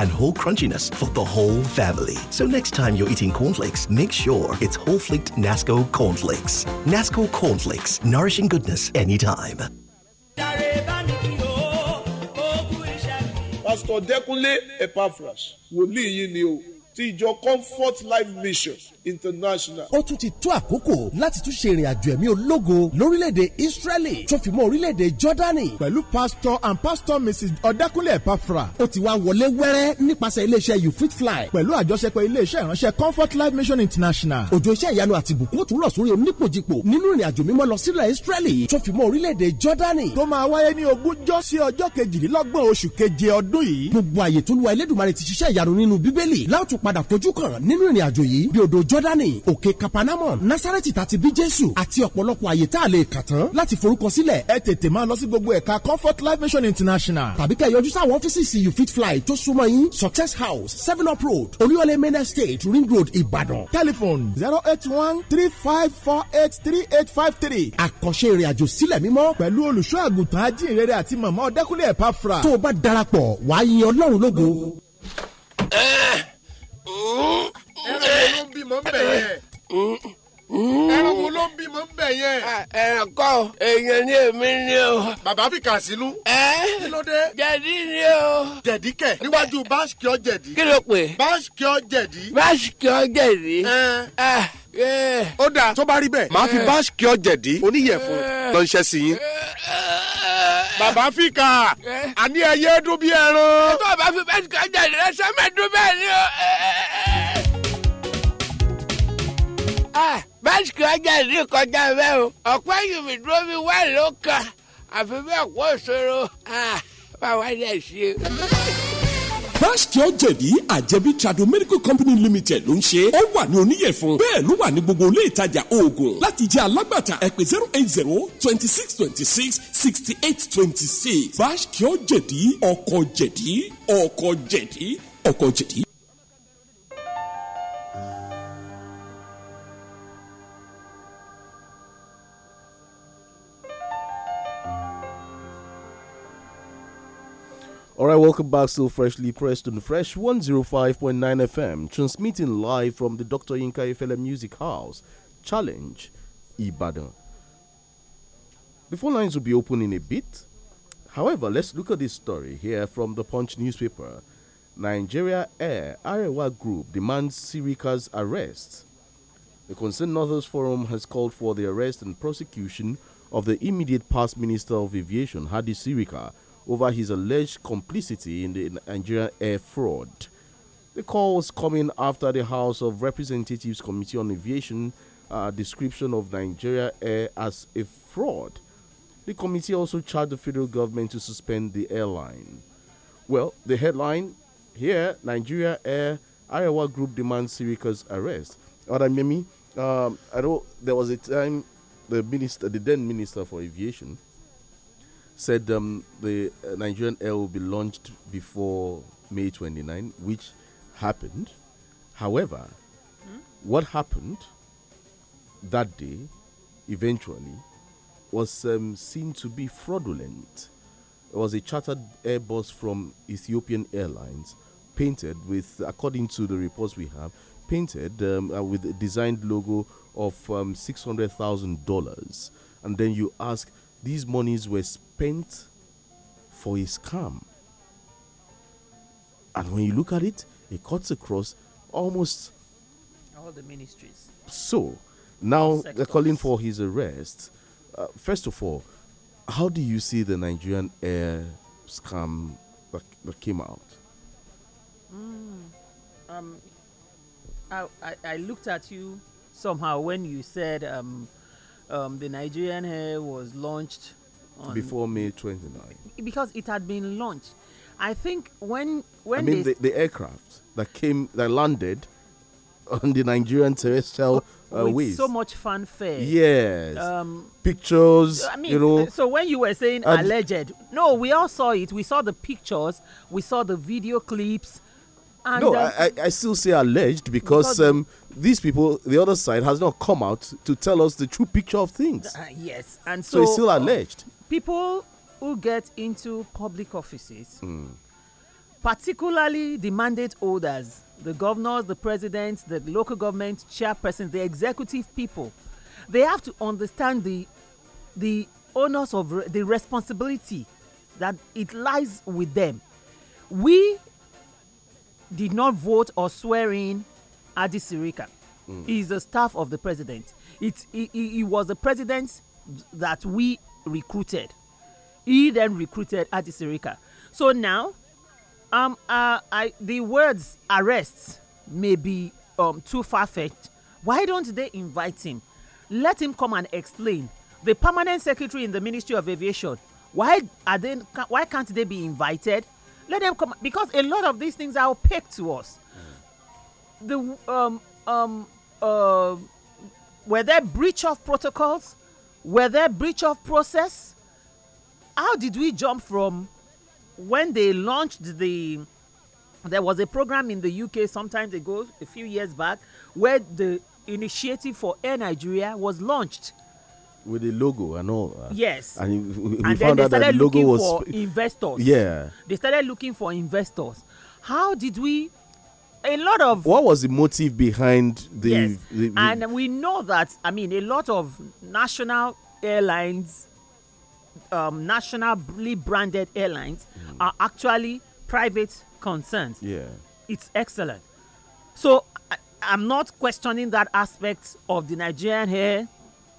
and whole crunchiness for the whole family. So next time you're eating cornflakes, make sure it's whole flaked Nasco cornflakes. Nasco cornflakes, nourishing goodness anytime. Pastor Dekunle Epaphras, wòlíì yìí ni o, ti Comfort Life Mission. international. ó tún ti tó àkókò láti tún ṣe ìrìnàjò ẹ̀mí ológo lórílẹ̀‐èdè israeli tó fi mọ́ orílẹ̀‐èdè jordani. pẹ̀lú pastor and pastor mrs ọ̀dẹ́kúnlé epafra ó ti wá wọlé wẹ́rẹ́ nípasẹ̀ iléeṣẹ́ you fit fly pẹ̀lú àjọṣepọ̀ iléeṣẹ́ ìránṣẹ́ comfort life mission international. òjò iṣẹ́ ìyanu àti ìbùkún tún rọ̀ sórí onípojípo nínú ìrìnàjò mímọ́ lọ sílẹ̀ israeli tó fi mọ́ orílẹ̀‐èdè jordani. tó máa wáyé ní ogúnjọ́ sí ọjọ́ kejìlélọ́gbọ̀n oṣù keje ọdún yìí. gbogbo àyè tó lu ẹlẹ́dùnmarè ti ṣiṣẹ́ ìyanu nínú bíbélì jọ́dánì òkè kapanamon nasareti tàti bí jésù àti ọ̀pọ̀lọpọ̀ àyè tá a lè kà tán láti forúkọsílẹ̀ ẹ tètè máa lọ sí gbogbo ẹ̀ka comfort life mission international tàbí kẹ́ yọjú sáwọn ọ́fíìsì you fit fly tó súnmọ́ yín success house seven up road olúyọ̀lé main estate ring road ìbàdàn telephone zero eight one three five four eight three eight five three àkànṣe ìrìnàjò sílẹ̀ mímọ́ pẹ̀lú olùṣọ́ àgùntàn ajínrere àti màmá ọ̀dẹ́kúnlé ẹ̀páfra tó o bá darapọ̀ wàá yin ọlọ́run lógo ẹranko ló ń bímọ ń bẹ̀ yẹn ẹranko ló ń bímọ ń bẹ̀ yẹn. Ah, ẹranko èèyàn ni èmi ni o. bàbá fi kà sínú. ẹ kí ló dé. jẹ̀dí ni o. jẹ̀dí kẹ̀ níwájú báṣkìọ́ jẹ̀dí. kí ló pè. báṣkìọ́ jẹ̀dí. báṣkìọ́ jẹ̀dí. ẹ ó dáa tó bá rí bẹ́ẹ̀ máa fi báṣkìọ́ jẹ̀dí oníyẹ̀fun lọ ṣẹ́ sí yín. Bàbá Fika, àní ẹyẹ dún bí ẹran. Ẹ tó bá fi báṣkìọ́ jẹ̀dí rẹ sẹ́mẹ̀ẹ́dún bẹ́ẹ̀ ni o báṣìkì ọjà ní kọjá bẹ́ẹ̀ o ọ̀pẹ́ yìí dúró mi wá ló kan àfi bẹ́ẹ̀ kó ṣòro báwa dẹ̀ ṣe. Báṣkì ọ̀jẹ̀bí àjẹbí Trado Medical Company Limited ló ń ṣe. Ó wà ní oníyẹ̀fun. Bẹ́ẹ̀ ló wà ní gbogbo ilé ìtajà oògùn. Láti jẹ́ alágbàtà ẹ̀pẹ̀ zero eight zero twenty six twenty six sixty eight twenty six. Báṣkì ọ̀jẹ̀bí ọkọ̀ jẹ̀dí ọkọ̀ jẹ̀dí ọkọ̀ jẹ̀dí. All right, welcome back. Still freshly pressed on Fresh 105.9 FM, transmitting live from the Dr. Inka Ifele Music House, Challenge, Ibadan. The phone lines will be open in a bit. However, let's look at this story here from the Punch newspaper. Nigeria Air Arewa Group demands Sirika's arrest. The Concerned Mothers Forum has called for the arrest and prosecution of the immediate past Minister of Aviation, Hadi Sirika, over his alleged complicity in the Nigerian air fraud. The call was coming after the House of Representatives Committee on Aviation uh, description of Nigeria Air as a fraud. The committee also charged the federal government to suspend the airline. Well, the headline here Nigeria Air Iowa Group demands Sirica's arrest. Adamemi, um, I know there was a time the minister, the then minister for aviation, said um, the uh, Nigerian Air will be launched before May 29, which happened. However, hmm? what happened that day eventually was um, seen to be fraudulent. It was a chartered Airbus from Ethiopian Airlines, painted with, according to the reports we have, painted um, uh, with a designed logo of um, $600,000. And then you ask, these monies were spent for a scam. And when you look at it, it cuts across almost all the ministries. So now they're calling for his arrest. Uh, first of all, how do you see the Nigerian air scam that, that came out? Mm, um, I, I, I, looked at you somehow when you said um, um, the Nigerian hair was launched before May 29. Because it had been launched. I think when when I mean the, the aircraft that came that landed on the Nigerian terrestrial oh, uh, with so much fanfare. Yes. Um, Pictures. I mean, you know. So when you were saying alleged, no, we all saw it. We saw the pictures. We saw the video clips. And no, um, I, I still say alleged because, because um, these people, the other side, has not come out to tell us the true picture of things. Uh, yes, and so, so, it's still alleged. People who get into public offices, mm. particularly the mandate holders, the governors, the presidents, the local government chairpersons, the executive people, they have to understand the the onus of the responsibility that it lies with them. We did not vote or swear in Adi Sirika. Mm. He is the staff of the president. It, he, was the president that we recruited. He then recruited Adi Sirika. So now, um, uh, I, the words arrest may be um, too far fetched. Why don't they invite him? Let him come and explain. The permanent secretary in the Ministry of Aviation. Why are they? Why can't they be invited? Let them come because a lot of these things are opaque to us. The um um uh, were there breach of protocols? Were there breach of process? How did we jump from when they launched the there was a program in the UK sometimes ago, a few years back, where the initiative for Air Nigeria was launched with the logo and all. Yes. And we, we and found out that the logo was for investors. Yeah. They started looking for investors. How did we? A lot of what was the motive behind the, yes. the, the and we know that I mean a lot of national airlines, um, nationally branded airlines mm. are actually private concerns. Yeah, it's excellent. So I, I'm not questioning that aspect of the Nigerian air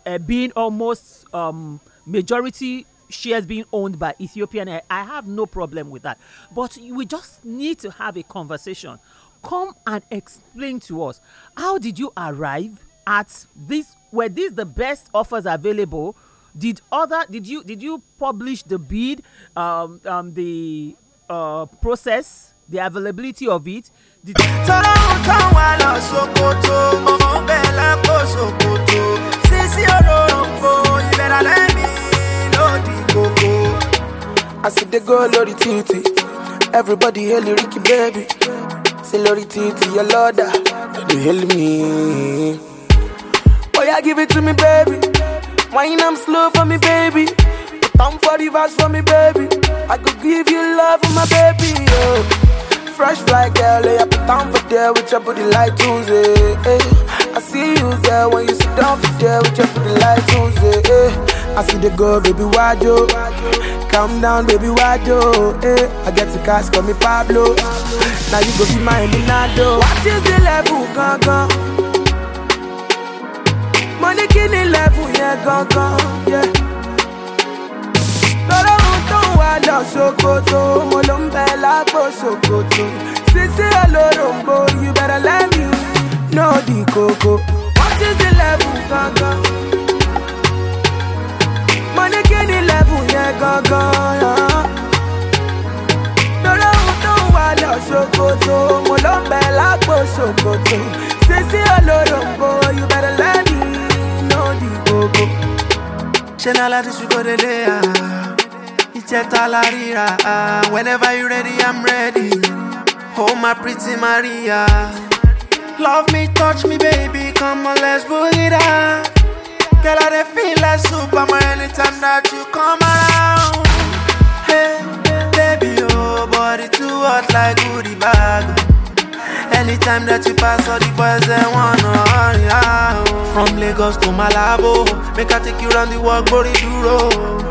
uh, being almost um, majority shares being owned by Ethiopian. I, I have no problem with that. But we just need to have a conversation. Come and explain to us how did you arrive at this? Were these the best offers available? Did other did you did you publish the bid, um, um, the uh, process, the availability of it? Did osisi olóńgbò ìlera lẹ́mí lòdì gbogbo. As e dey go lórí títì, everybody hail Ricky baby. Say lórí títì your lọ́dà, dey hail me. Oya give it to me baby, wine am slow for me baby. Put for the verse for me baby, I could give you love my baby. Oh. Fresh fly girl, lay up down for there with your booty like Tuesday. Eh. I see you there when you sit down for there with your booty like Tuesday. Eh. I see the girl, baby, why yo? Calm down, baby, why yo? Eh. I get the cash, call me Pablo. Now you go be my Eminado. What is the level, gun gun? Money, kidney level, yeah, gun gun, yeah máa lọ sokoto mo ló ń bẹ lápò sokoto sisi olóròǹbó you better let me know the koko what is the level gangan mo ní kí ni level yẹn gangan lórí ohun tó ń wà lọ sokoto mo ló ń bẹ lápò sokoto sisi you better let me know the koko. ṣé nálá ti kó délé yàrá whenever you're ready, I'm ready. Oh, my pretty Maria. Love me, touch me, baby. Come on, let's boogie down. Girl, I dey feel like Superman anytime that you come around. Hey, baby, oh, body too hot like goodie bag. Anytime that you pass, all the boys they wanna hurry out. From Lagos to Malabo, make I take you round the world, body duro.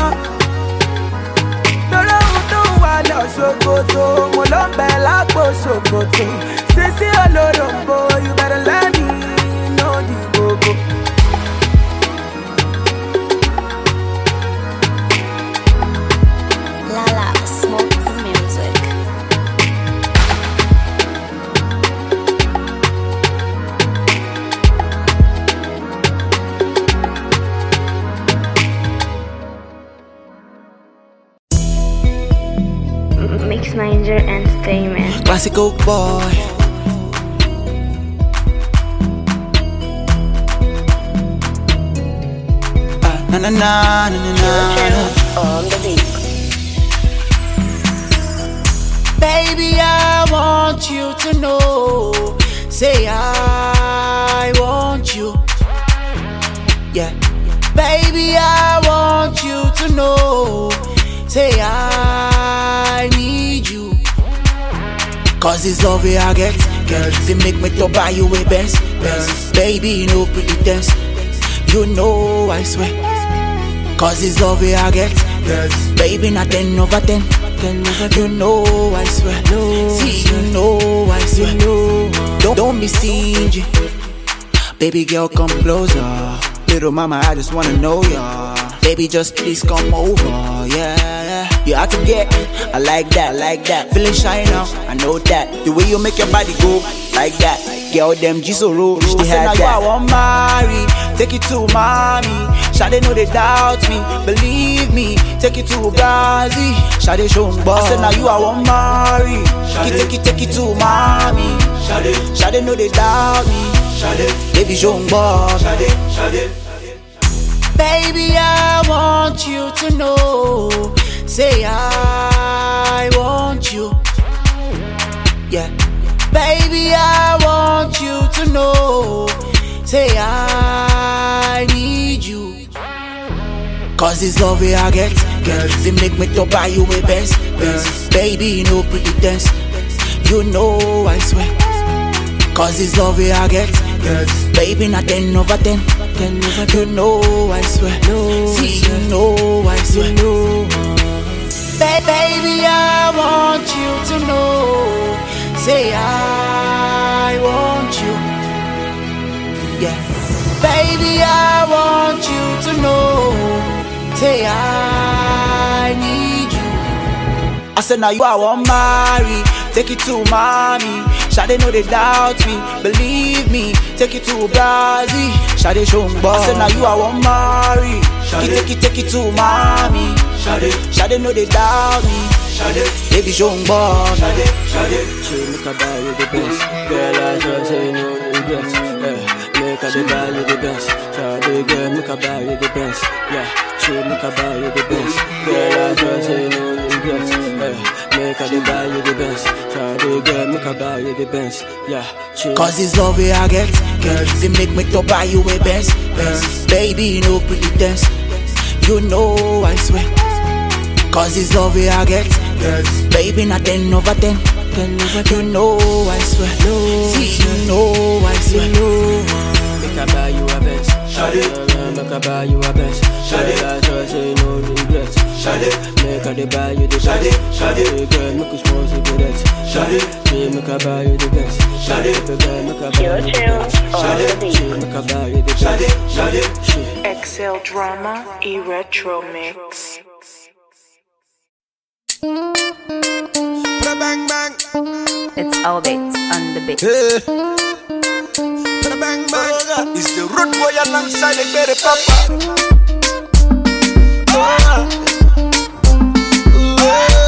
lọ Sokoto mo ló ń bẹ lápò Sokoto Sisi olorombo, you better let me know the gbogbo. Danger Entertainment. Classical Boy. Uh, na na na na na on the beat. Baby, I want you to know. Say I want you. Yeah. Baby, I want you to know. Say I Cause it's love we I get. Girl, They make me to buy you a best, best. Baby, no pretense. You know I swear. Cause it's love we I get. Yes. Baby, not ten over ten. You know I swear. No, See, you know I swear. No. Don't, don't be stingy. Baby girl, come closer. Little mama, I just wanna know ya. Baby, just please come over, yeah. You have to get, I like that, like that. Feeling shy now, I know that. The way you make your body go, like that. Get all them G's so rude, she had that. Now you I want marry, take it to mommy. Shade know they doubt me, believe me. Take it to Gazi, Shade show me. I said now you I want marry. it Take it, take it to mommy. Shade, Shade know they doubt me. Shade, baby show me. Shade, Shade. Baby, I want you to know Say I want you. Yeah. Baby, I want you to know. Say I need you. Cause this love I get, Girls, It make me to buy you my best, best. Baby, no pretense. You know I swear. Cause this love I get, get. Baby, not ten over ten. ten over 10. You know I swear. No, See, you know I swear. You know. Ba- baby, I want you to know. Say I want you. Yes. Baby, I want you to know. Say I need you. I said now you I want marry. Take it to mommy. Shall they know they doubt me? Believe me. Take it to Brazil. Shade Shumba. I said, now you are one marry. Shade. Take it, take it to mommy. Shade. Shade know they doubt me. Shade. Baby Shumba. Shade. Shade. She make a buy you the best. Girl, I just ain't no best. Yeah. Make a buy you the best. Shade, girl, make a buy you the best. Yeah. She make a buy you the best. Girl, I just ain't no regrets. Yeah make I dey buy you the best. Try to get make I buy you the best. Yeah, chill. Cause this love I get, can easy make me to buy you a best, best. Baby, no pretense. You know I swear. Cause it's love wey I get, yes. baby, not ten over ten. ten over ten. You know I swear. No, See, you know I swear. You uh, make I buy you a best. Shut it. Make I buy you a best. Shut it. I just say no regrets. Shut it. Make I buy you the Shut it. Shut it. Girl, make us pause it with it. Shut it. She make I buy you the best. Shut it. Girl, make I buy you the best. Excel drama e retro mix. Bang, bang. It's Albert on the beat. Yeah. Bang, bang. It's the root boy alongside the baby papa. Oh.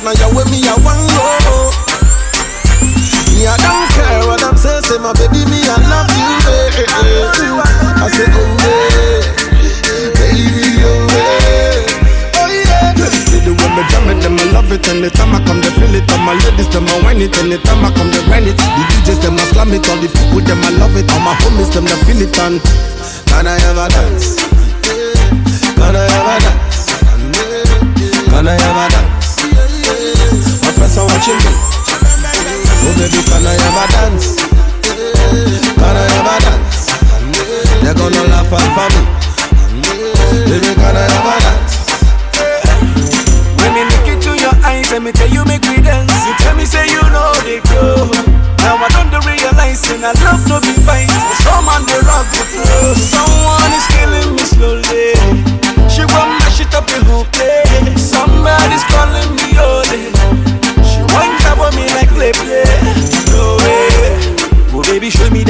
but now you with me, I want go. Me, I don't care what I'm saying, say my baby, me, I love you. Eh, I say, oh, yeah, baby, oh, yeah. Oh, yeah. See the way me them I love it. time I come, they feel it. All my ladies, them I want it. time I come, they grind it. The DJs, them I slam it. All the people, them I love it. All my homies, them they feel it. And can I ever dance? Can I ever dance? Can I ever dance? touching me. Oh baby, can I have a dance? Can I have a dance? They're gonna laugh at me. Baby, can I have a dance? When me look into your eyes and me tell you make me dance, you tell me say you know the flow. Now I don't realize and I love no be fine. Someone they rock the flow. Someone is killing me slowly. She want mash it up the whole place. Somebody's calling.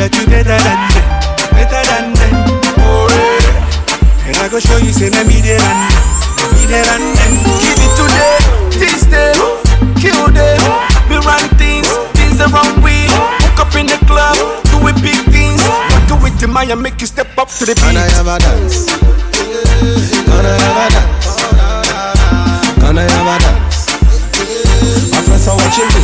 that you better than them, better than them. Oh yeah. And I go show you say na me there and me there and them. Give it to them, tease them, kill them. We run things, things the wrong way. Hook up in the club, do it big things. But do it to my and make you step up to the beat. Can I have a dance. Can I have a dance. Can I have a dance. My friends are watching me.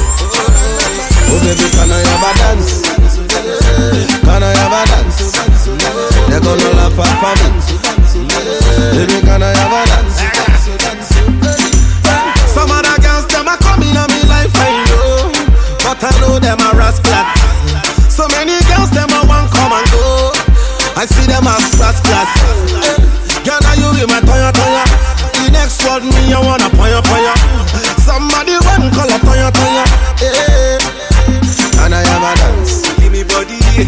Oh baby, can I have a dance? Can I have a dance? They gonna laugh at for me. Baby, can I have a dance? Some other girls them a coming on me life, I know, but I know them a rascal. So many girls them a want come and go. I see them as rascals. Girl, now you be my toya toya. The next word me, I wanna poya poya. Somebody one call up. Can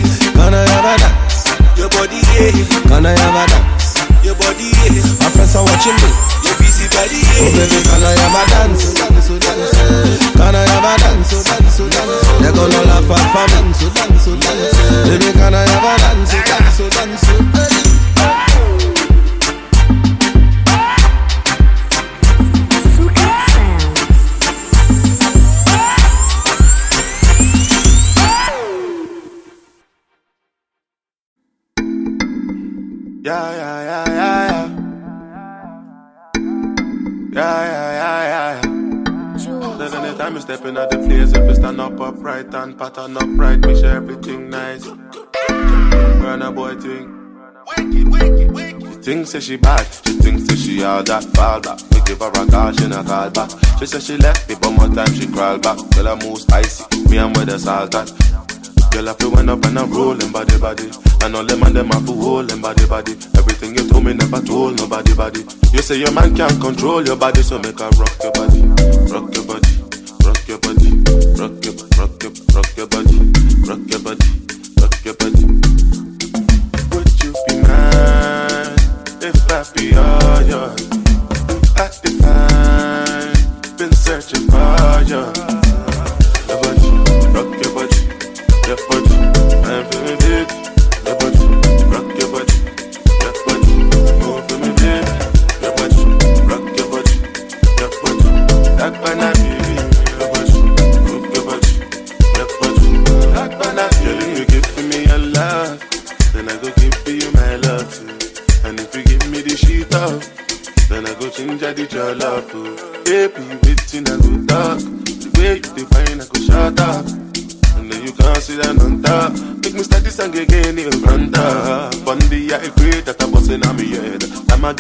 I have a dance? Your body, yeah. Can I have a dance? Your body, yeah. My friends are watching me. Your busy body, yeah. Oh baby, can I have a dance? Can I have a dance? They gonna laugh at me. Baby, can I have a dance? Yeah, yeah, yeah, yeah, yeah. Yeah, yeah, yeah, yeah. Jewel, then anytime you step in at the place, if you stand up upright and pattern upright, make sure everything nice. Run a boy thing. Wake it, wake it, wake it. She thinks that she bad, she thinks that she all that fall back. We give her a call, she not call back. She said she left me, but more time she crawl back. Tell her move icy. me and where the salt that. Girl, I feel when up and I'm rolling body body. And all them and them I feel holding body body. Everything you told me never told nobody body. You say your man can't control your body, so make I rock your body, rock your body, rock your body, rock your rock your rock your body, rock your body, rock your body. Would you be mine if I be all yours? I define, been searching for you.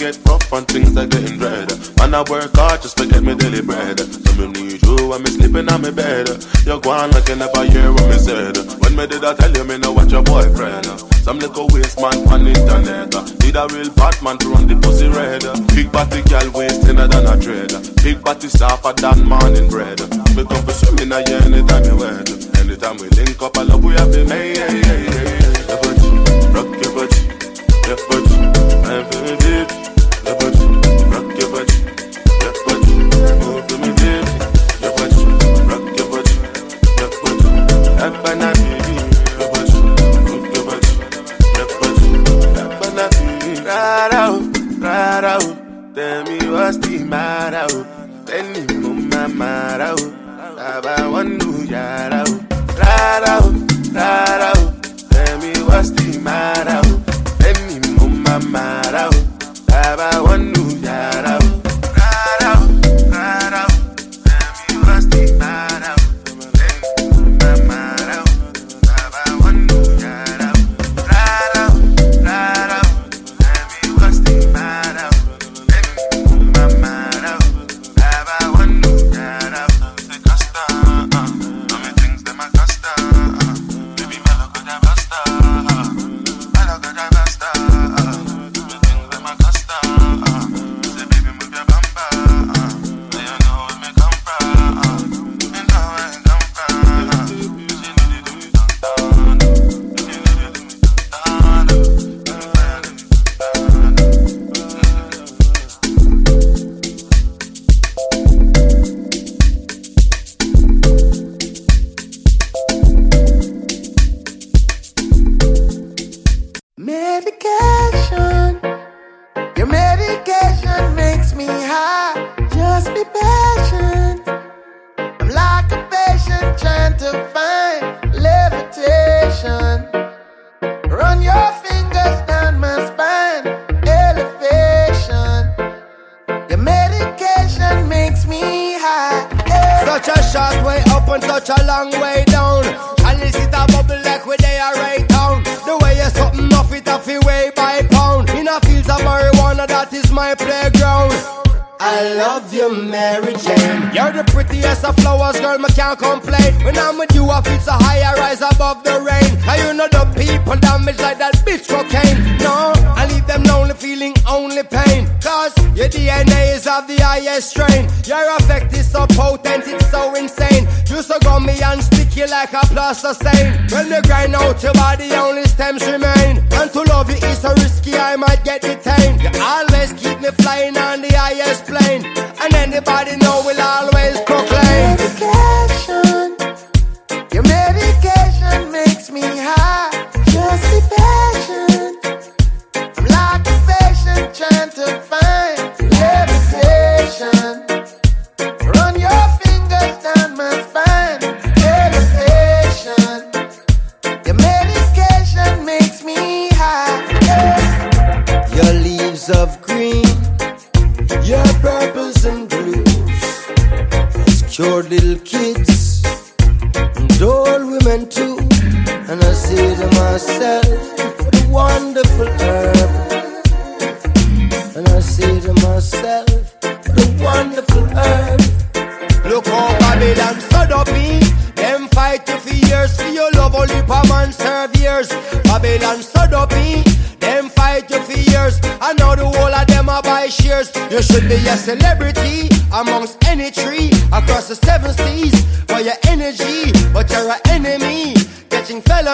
get rough and things are getting dread. Man, I work hard just to get me daily bread. So me need you when me sleeping on me bed. You go on like you never hear what me said. When me did I tell you me no watch your boyfriend? Some little waste man on the internet. Need a real bad man to run the pussy red. Big body girl waist thinner than a dread. Big body softer than morning bread. Me come for swimming a year anytime you wed. Anytime we link up, I love we have been made. Hey, hey, hey, Rock your butt. your body.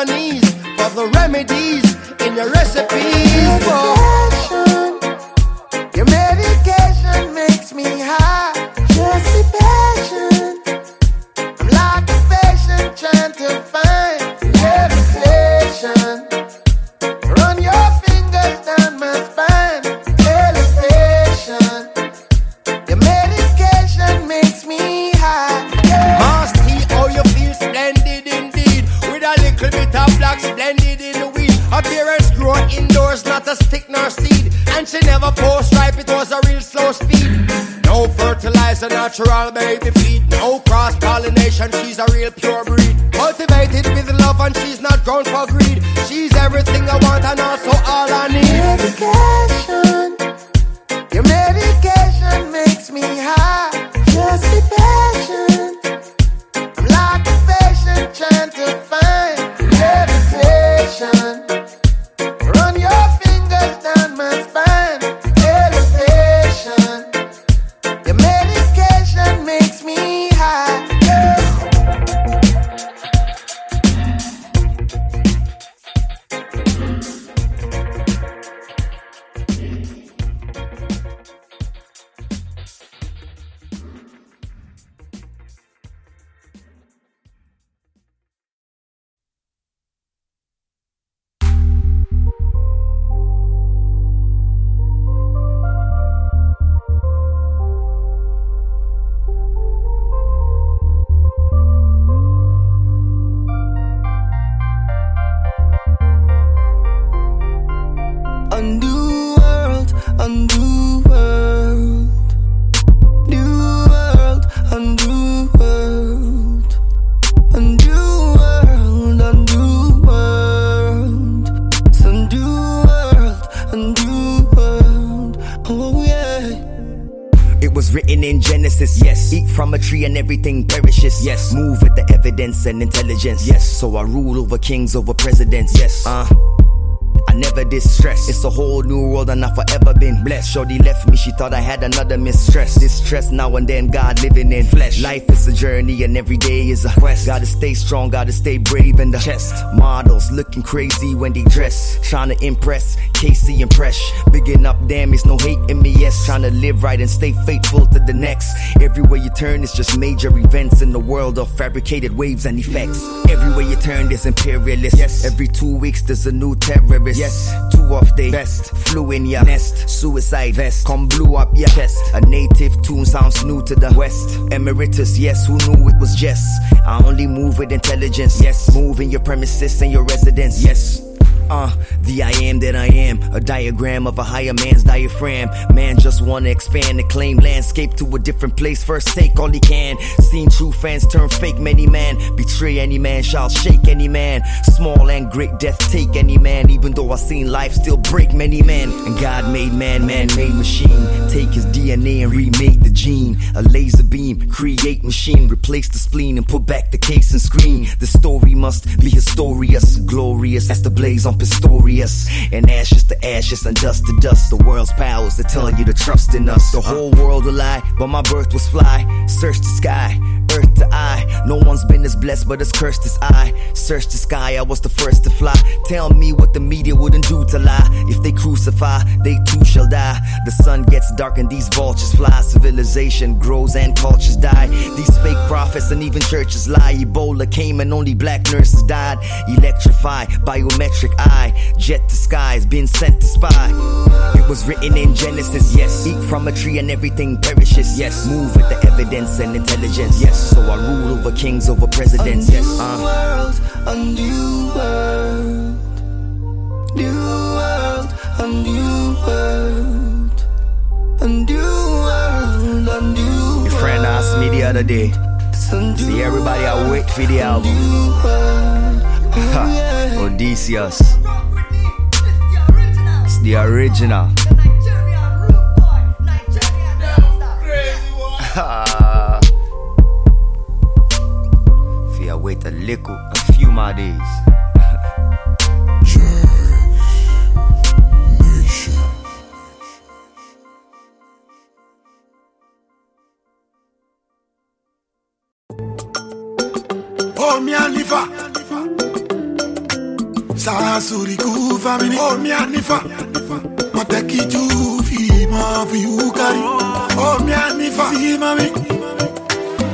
knees for the remedies in your recipes. your medication makes me high. not a stick nor seed. And she never post ripe, it was a real slow speed. No fertilizer, natural baby feed. No cross pollination, she's a real pure breed. Cultivated with love, and she's not grown for greed. She's everything I want, and also and intelligence. Yes, so I rule over kings, over presidents. Yes, uh never distressed. It's a whole new world and I've forever been blessed. Shorty left me, she thought I had another mistress. Distress now and then, God living in flesh. Life is a journey and every day is a quest. Gotta stay strong, gotta stay brave in the chest. Models looking crazy when they dress. Trying to impress, Casey and Bigging up, damn, it's no hate in me, yes. Trying to live right and stay faithful to the next. Everywhere you turn, it's just major events in the world of fabricated waves and effects. Everywhere you turn, there's imperialists. Yes. Every two weeks, there's a new terrorist. Yes. Yes, two of the best flew in your nest. Suicide vest, come blew up your chest. A native tune sounds new to the west. Emeritus, yes, who knew it was Jess? I only move with intelligence. Yes, move in your premises and your residence. Yes uh, the I am that I am, a diagram of a higher man's diaphragm. Man just wanna expand the claim landscape to a different place. First take all he can. Seen true fans turn fake, many man. Betray any man, shall shake any man. Small and great death take any man. Even though I seen life still break many men. And God made man, man made machine. Take his DNA and remake the gene. A laser beam, create machine, replace the spleen and put back the case and screen. The story must be historious, glorious as the blaze on Pistorius And ashes to ashes and dust to dust. The world's powers that telling you to trust in us. The whole world will lie, but my birth was fly. Search the sky, earth to eye. No one's been as blessed but as cursed as I. Search the sky, I was the first to fly. Tell me what the media wouldn't do to lie. If they crucify, they too shall die. The sun gets dark and these vultures fly. Civilization grows and cultures die. These fake prophets and even churches lie. Ebola came and only black nurses died. Electrify, biometric eye. Jet to skies, been sent to spy. It was written in Genesis, yes. Eat from a tree and everything perishes, yes. Move with the evidence and intelligence, yes. So I rule over kings, over presidents, yes. Uh. World, a new world, new world, a new world, a new world, a new world. Your friend asked me the other day. See everybody, I wait for the album. Odysseus. Oh, it's the original. The boy. Crazy one. Fear wait a little, a few more days. Oh, me and Sasuri kuva mini oh mi anifa Mateki jufi ma vi ukari oh mi anifa ma mami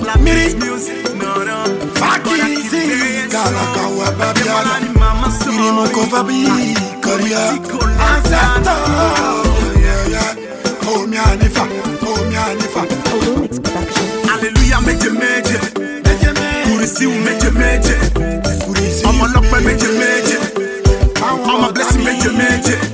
La miri Faki si kala kawa babiala Miri moko babi koria Ancestor yeah yeah oh mi anifa oh mi anifa Hallelujah meje meje Meje meje Kurisi meje meje Ọmọ lọ́pẹ́ méje méje méje it.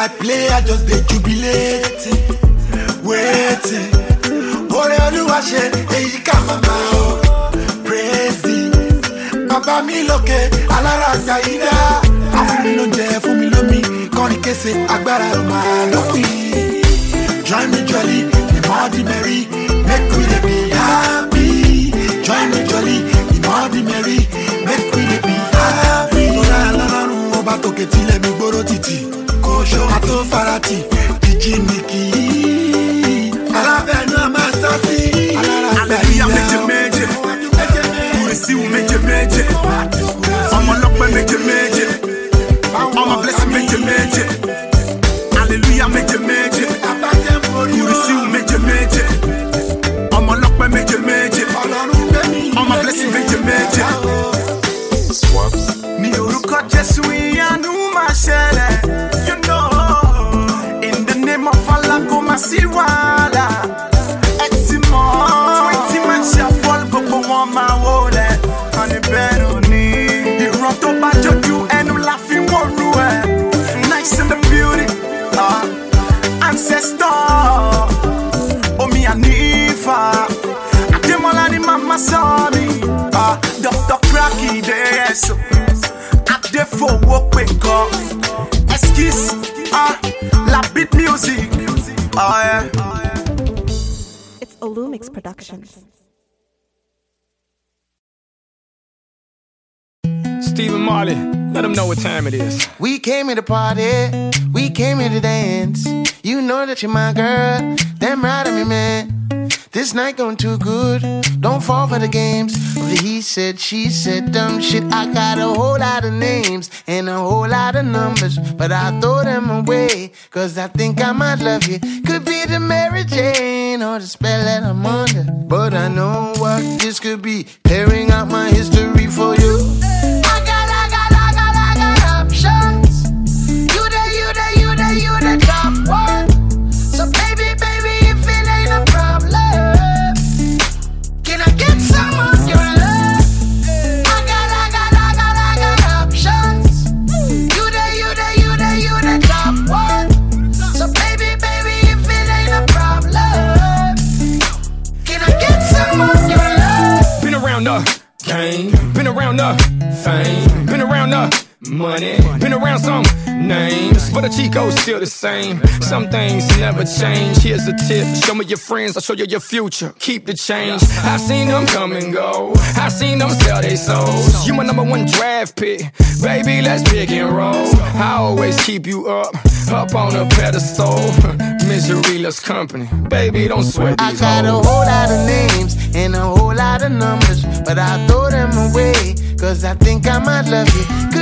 I play, I just dey jubilate. Waiting. Ore Olúwa ṣe èyí ká màmá o. Praise him. Bàbá mi lókè, alára àgbà yìí dá. Àfún mi ló jẹ, fún mi lómi, kọrin kése, agbára ò máa lópin. Join me jolly, the body merry, make we dey be happy. Join me jolly, the body merry, make we dey be happy. Ìmọ̀ra lọ́rùn ọba tòkè tilẹ̀ mi gbóró títì. Jonathan Farati, DJ Nicky. Alabẹ́nu ọmọ sọ́sí. Àlàyé méje méje. Kùrìsíwù méje méje. Ọmọ ọlọ́pẹ́ méje méje. Ọmọ blessing méje méje. Hallelujah méje méje. time it is. We came here to party, we came here to dance. You know that you're my girl, damn right of me, man. This night going too good, don't fall for the games. He said, she said, dumb shit. I got a whole lot of names and a whole lot of numbers, but I throw them away, cause I think I might love you. Could be the Mary Jane or the spell that I'm under, but I know what this could be. Tearing out my history for you. around the fame. Been around the money. Been around some names, but the Chico's still the same. Some things never change. Here's a tip: show me your friends, I'll show you your future. Keep the change. I have seen them come and go. I have seen them sell their souls. You my number one draft pick, baby. Let's pick and roll. I always keep you up, up on a pedestal. Misery company, baby. Don't sweat these I got holes. a whole lot of names and a whole lot of numbers, but I throw them away. Cause I think I might love you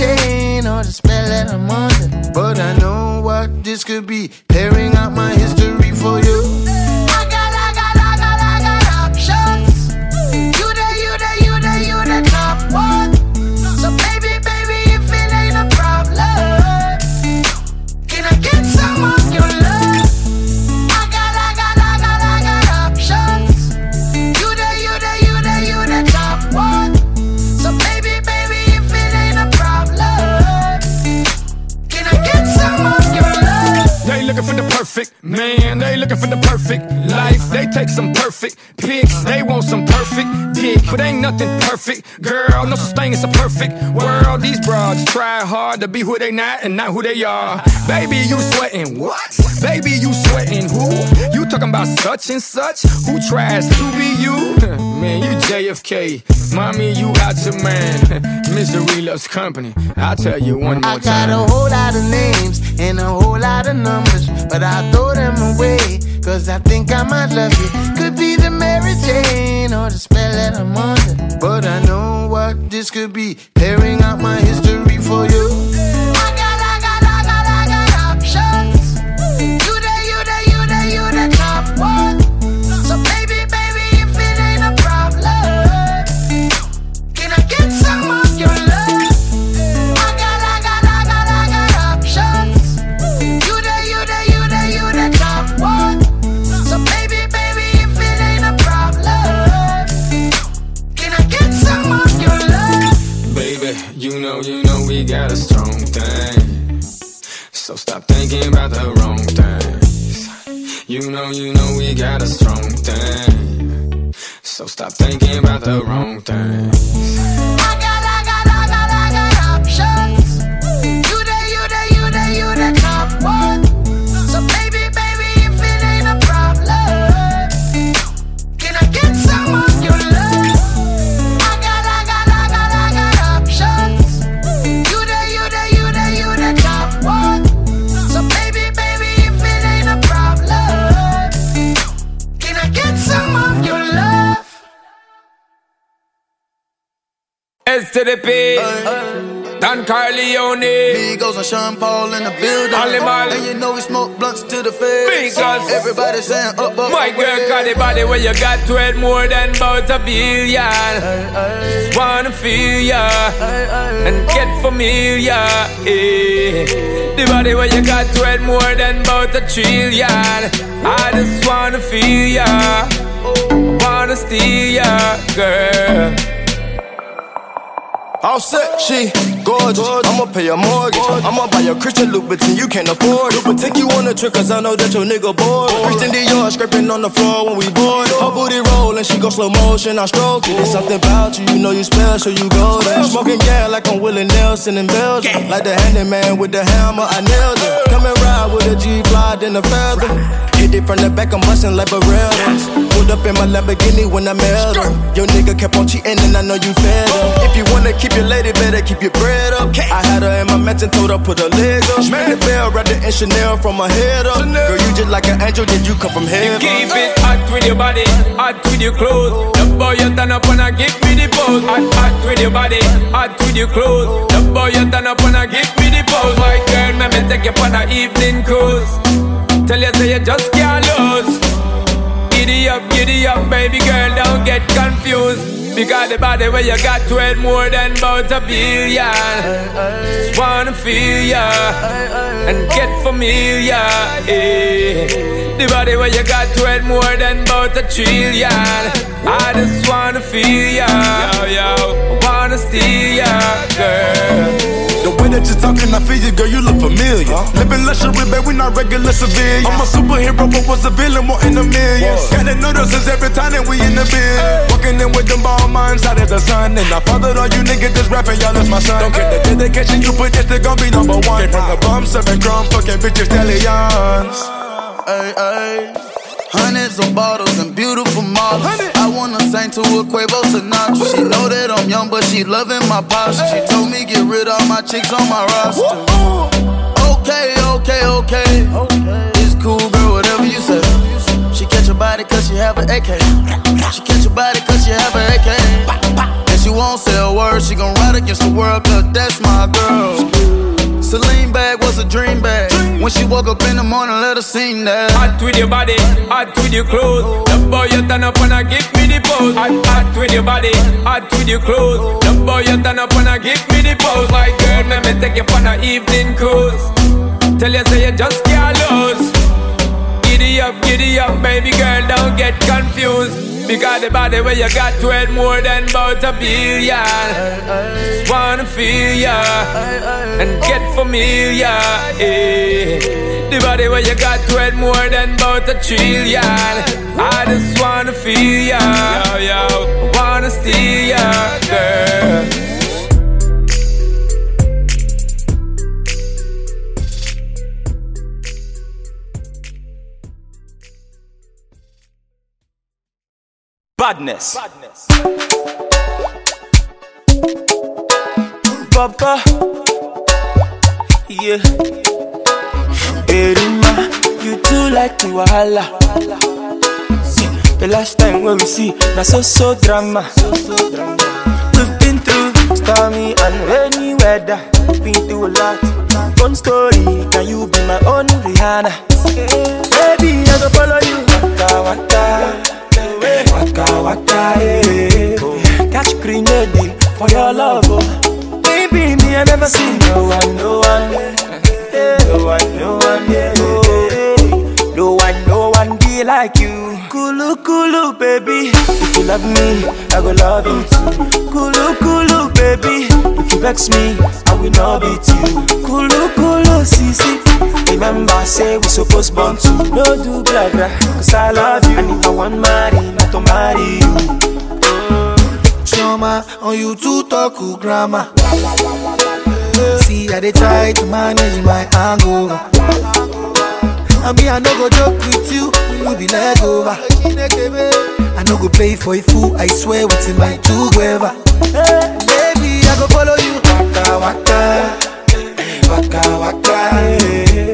maintain all the spell that I'm under. But I know what this could be. Clearing out my history for you. perfect man. They looking for the perfect life. They take some perfect pics. They want some perfect dick, but ain't nothing perfect. Girl, no such thing as a perfect world. These broads try hard to be who they not and not who they are. Baby, you sweating what? Baby, you sweating who? You talking about such and such? Who tries to be you? Man, you JFK. Mommy, you out your man. Misery loves company. I'll tell you one more I time. I got a whole lot of names and a whole lot of numbers, but I throw them away. Cause I think I might love you. Could be the Mary Jane or the spell that I'm under. But I know what this could be. Pairing out my history for you. on it. on Shawn Sean Paul in the building. Holly Molly. And you know we smoke blunts to the face. Because everybody saying up, up. My girl got the body where you got to it more than about a billion. Just wanna feel ya and get familiar. Yeah. The body where you got to it more than about a trillion. I just wanna feel ya. I wanna steal ya, girl. All set, she gorgeous. I'ma pay your mortgage. I'ma buy your Christian Louboutin, you can't afford it. But take you on a trip, cause I know that your nigga bored. Christian Dior scraping on the floor when we bored. Her booty rollin', she go slow motion, I stroke it. There's something about you, you know you special, you golden. Smoking yeah like I'm Willie Nelson in Belgium. Like the handyman with the hammer, I nailed it. Come and ride with a G fly, then the feather. Hit it from the back, I'm bustin' like Barretta. Pulled up in my Lamborghini when I met her. Your nigga kept on cheatin', and I know you fed him. If you wanna keep your lady, better keep your bread head up. I had her in my mansion, told her put her leg up. Spin the bell, wrapped it in Chanel from my head up. Girl, you just like an angel, did you come from heaven? You keep it hot with your body, hot with your clothes. The boy you turn up and I give me the pose. Hot, hot with your body, hot with your clothes. The boy you turn up and I give me the pose. My girl, let me take you for the evening cruise. Tell you say you just can't lose. Giddy up, giddy up, baby girl, don't get confused. Because the body where you got to it more than about a billion. Just wanna feel ya and get familiar. Yeah. The body where you got to it more than about a trillion. I just wanna feel ya, I wanna steal ya, girl. The way that you're talking, I feel you, girl, you look familiar. Huh? Living luxury, babe, we not regular civilians. I'm a superhero, but was a villain, more in the millions. Gotta know this every time that we in the bed. Hey. Walking in with them ball minds out of the sun. And I fathered all you niggas that's rapping, y'all that's my son. Don't get the dedication you put, this they gon' be number one. Came from the bum, serving crumb, fucking bitches, stallions. Hey, hey. Hundreds of bottles and beautiful models. I wanna sing to a Quavo Sinatra. She know that I'm young, but she loving my posture. She told me get rid of my chicks on my roster. Okay, okay, okay. It's cool, girl, whatever you say. She catch your body cause she have an AK. She catch your body cause she have an AK. And she won't say a word, she gon' ride against the world cause that's my girl. Celine bag was a dream bag. When she woke up in the morning, let her sing that. Hot with your body, hot with your clothes. The boy you turn up and I give me the pose. Hot, hot with your body, hot with your clothes. The boy you turn up and I give me the pose. My girl, let me take you for an evening cruise. Tell you say you just can't lose. Giddy up, giddy up, baby girl, don't get confused. Because the body where you got to it more than about a billion. Just wanna feel ya and get familiar. Eh. The body where you got to it more than about a trillion. I just wanna feel ya, I wanna steal ya, girl. badness. badness. Papa, yeah. Erima, you too like the wahala. The last time when we see, na so so drama. We've been through stormy and rainy weather. Been through a lot. One story, can you be my own Rihanna? Baby, I go follow you, waka waka. Waka waka eh. Catch grenade for your love. Oh. Baby, me I never seen no one, no one. Eh. no one, no one like you. Kulu kulu baby, if you love me, I go love you Kulu kulu baby, if you vex me, I will not beat you. Kulu kulu sisi, remember say we supposed born to. No do blah blah, cause I love you. And if I want marry, not to marry you. Choma, on you to talk to grandma? See, I they try to manage my anger. And me, I no go joke with you. You be leg over. I no go play for a fool. I swear what's in my two gueva. Eh, baby, I go follow you. Waka waka, waka waka. Eh.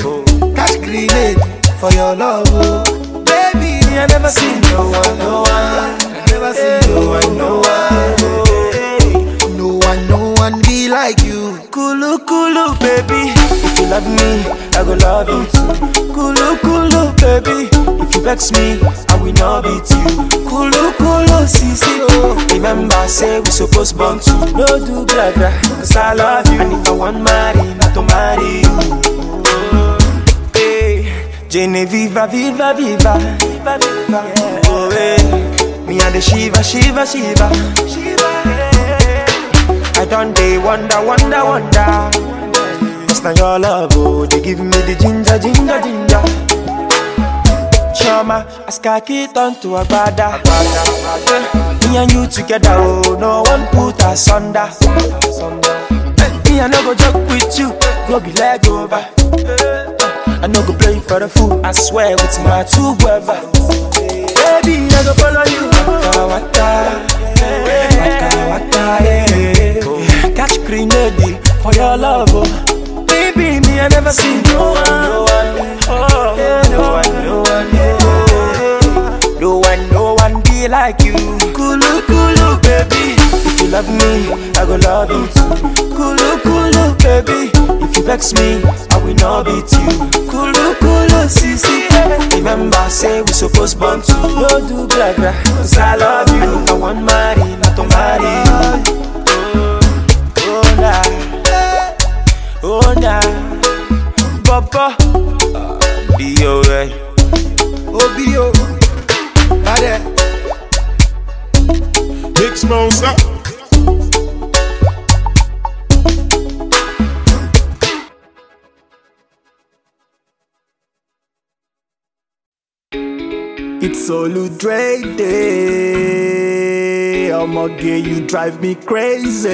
Cash grenade for your love. Oh. Baby, I never seen no one, no one. I never seen no one, no one. Oh. No one, no one be like you. Kulu kulu, baby. If you love me go love it. Kulu kulu, baby, if you vex me, I will not beat you. Kulu kulu, sisi, oh. Remember, say we supposed born to no do gragra, cause I love you. And if I want marry, not to marry you. hey, Genevieve, viva, viva, viva, viva. Yeah. Oh, hey. me and the Shiva, Shiva, Shiva. Shiva. Yeah. I don't day wonder, wonder, wonder na your love, oh You give me the ginger, ginger, ginger Chama, as khaki turn to agbada Me and you together, oh No one put us under Me, I no go joke with you No be leg over I no go play for the fool I swear with my two brother Baby, I go follow you Waka, eh, waka Waka, waka, yeah Catch grenade for your love, oh I never seen no one. No one. no oh. one, no one, no one, no one, no one be like you. Kulu, kulu, baby. If you love me, I go love you Kulu, kulu, baby. If you vex me, I will not beat you. Kulu, kulu, sisi. Eh. Remember, say we supposed born to no do blah blah. Cause I love you. I want marry, not to oh, nah. Oh, nah. Papa, eh. all a Ade, It's Day. I'm to get you drive me crazy.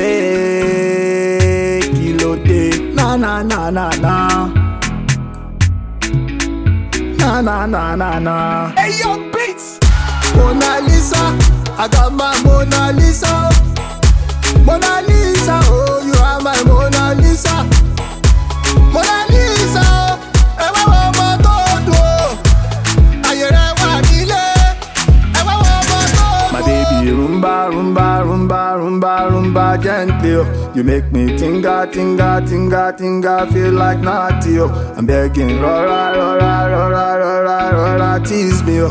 Kilo day, na na na na na na na na na na. Hey yo, beats. Mona Lisa, I got my Mona Lisa. Mona Lisa, oh, you are my Mona Lisa. you. You make me tinga, tinga, tinga, tinga, feel like naughty you. I'm begging, rora, rora, rora, rora, rora, tease me you.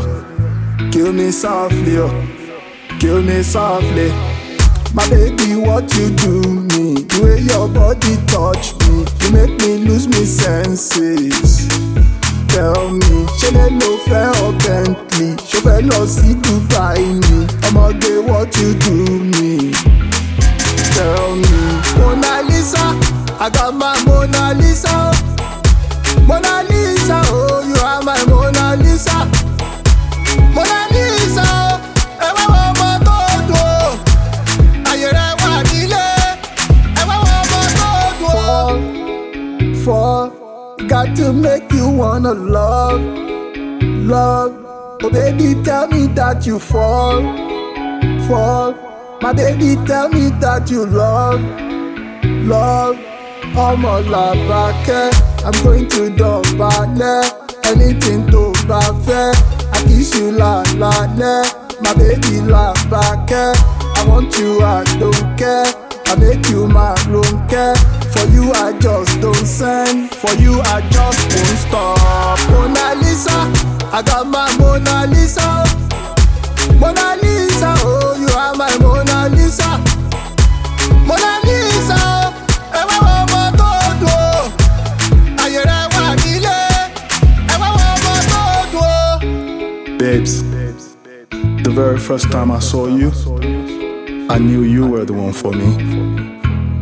Kill me softly you. Kill me softly. My baby, what you do me? The way your body touch me, you make me lose my senses. Tell me, ṣé lè lo fẹ́ ọ Bentley? Ṣo fẹ́ lọ sí Dubai ni? Ọmọge, what you do me? tell me Mona Lisa, I got my Mona Lisa Mona Lisa, oh, you are my Mona Lisa Mona Lisa, ẹwà wọn mọ tó dùn wà nílé, ẹwà wọn mọ tó Fall, fall, got to make you wanna love, love Oh baby, tell me that you fall, fall my baby, tell me that you love, love. I'm Ọmọ làbàkẹ́, I'm going to dọ̀bálẹ̀. Anything tó bá fẹ́, I kiss you love. My baby back. I want you, I don't care. I make you my care For you, I just don't send. For you, I just won't stop. Mona Lisa, I got my Mona Lisa. Mona Lisa. Babes, the very first time I saw you, I knew you were the one for me.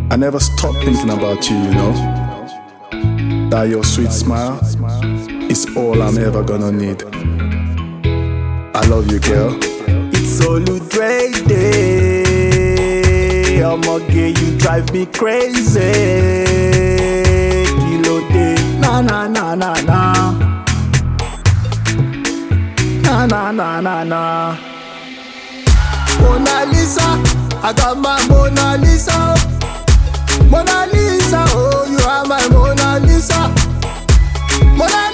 I never stopped thinking about you, you know. That your sweet smile is all I'm ever gonna need. I love you, girl. It's Oludrede. Ọmọge, you drive me crazy. Kilo na na na na na. Na na na na na. Mona Lisa, I got my Mona Lisa. Mona Lisa, oh, you are my Mona Lisa. Mona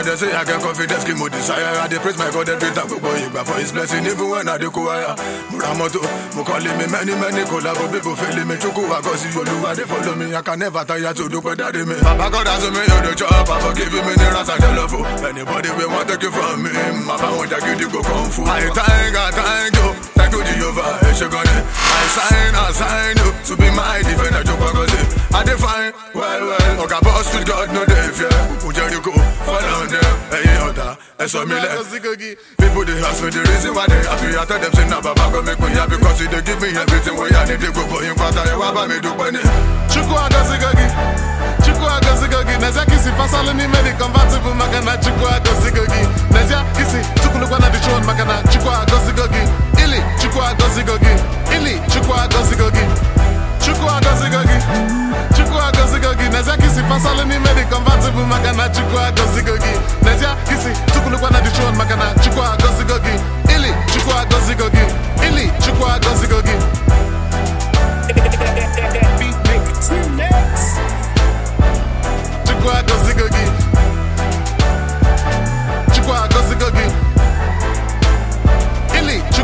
I just say I can confidence give me desire. I depress my God every time gbogbo ìgbà for his blessing even when I do go higher. Mo ra mọ́tò, mo kọ́lé mi many many collabo people fail me. Chukwu Agosi Olúwa dey follow me. I can never tire to dúpẹ́ dáre mi. Bàbá God has me on the job, I for me the rats and the love. Anybody wey wan take it from me, màbá wọn jagidi go kung I thank God, thank you. Thank you, Jehovah, Eshogone. I sign, I sign you to be my defender, Jopagose. I define, well, well. Okay, boss, with God, no day, yeah. go? follow them. Hey, it's Oda, Esomile. People, they ask me the reason why they happy. I tell them, say, nah, Baba, go make me happy. Because they give me everything where I need to go. But you can't tell what me do, Benny. Chuku Agasigagi. Chuku Agasigagi. Nazia Kisi, Pasalini, Medi, convertible, Magana, Chuku Agasigagi. Nazia Kisi, Tukulukwana, Detroit, Magana, Chuku Agasigagi chukwa gozi gogi. Ili, chukwa gozi gogi. Chukwa gozi gogi. Chukwa gozi gogi. Nezia kisi fasale ni medi convertible makana chukwa gozi gogi. Nezia kisi tukulukwa na dichuan makana chukwa gozi gogi. Ili, chukwa gozi gogi. Ili, chukwa gozi gogi. Chukwa gozi gogi.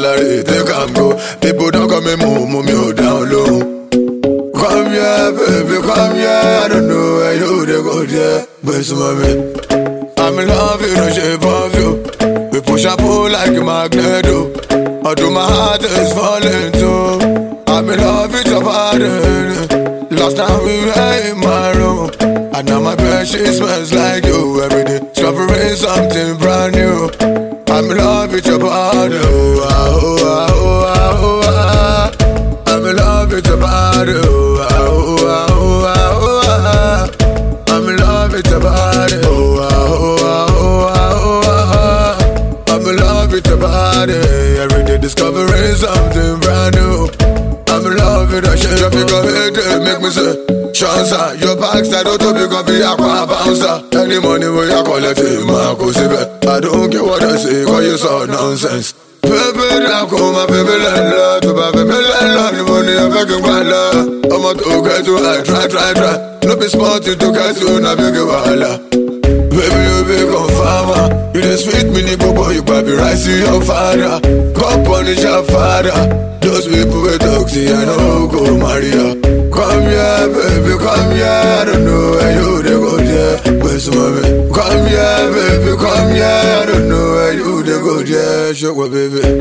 la rue, t'es comme go Jafara on, punish Jafara Those people were toxic I know go Maria Come here baby come here I don't know where you they go there Where's mommy Come here baby come here I don't know where you they go there Show baby